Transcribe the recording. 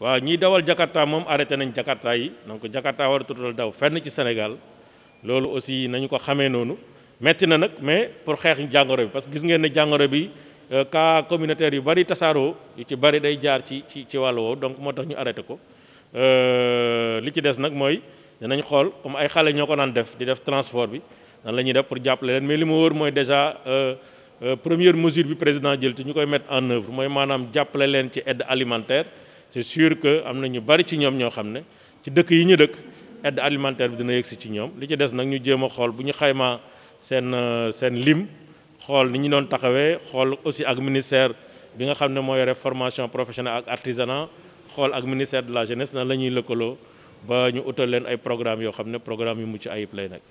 waaw ñiy dawal Jakarta moom arrêté nañ Jakarta yi donc Jakarta war a tutal daw fenn ci Sénégal loolu aussi nañu ko xamee noonu metti na nag mais pour xeex jàngoro bi parce que gis ngeen ne jàngoro bi euh, cas communautaire yu bari tasaaroo yu ci bari day jaar ci ci ci wàll woowu donc moo tax ñu arrêté ko euh, li ci des nag mooy danañ xool comme ay xale ñoo ko naan def di def transport bi nan la ñuy def pour jàppale leen mais li ma wóor mooy déjà euh, première mesure bi président jël te ñu koy mettre en œuvre mooy maanaam jàppale leen ci aide alimentaire c'est sûr que am na ñu bari ci ñoom ñoo xam ne ci dëkk yi ñu dëkk aide alimentaire bi dina yegsi ci ñoom li ci des nag ñu jéem a xool bu ñu xaymaa seen euh, seen lim xool ni ñu doon taxawee xool aussi ak ministère bi nga xam ne moo yore formation professionnelle ak artisanat xool ak ministère de la jeunesse na la ñuy lëkkaloo ba ñu utal leen ay programme yoo xam ne programme yu mucc ayib lay nekk.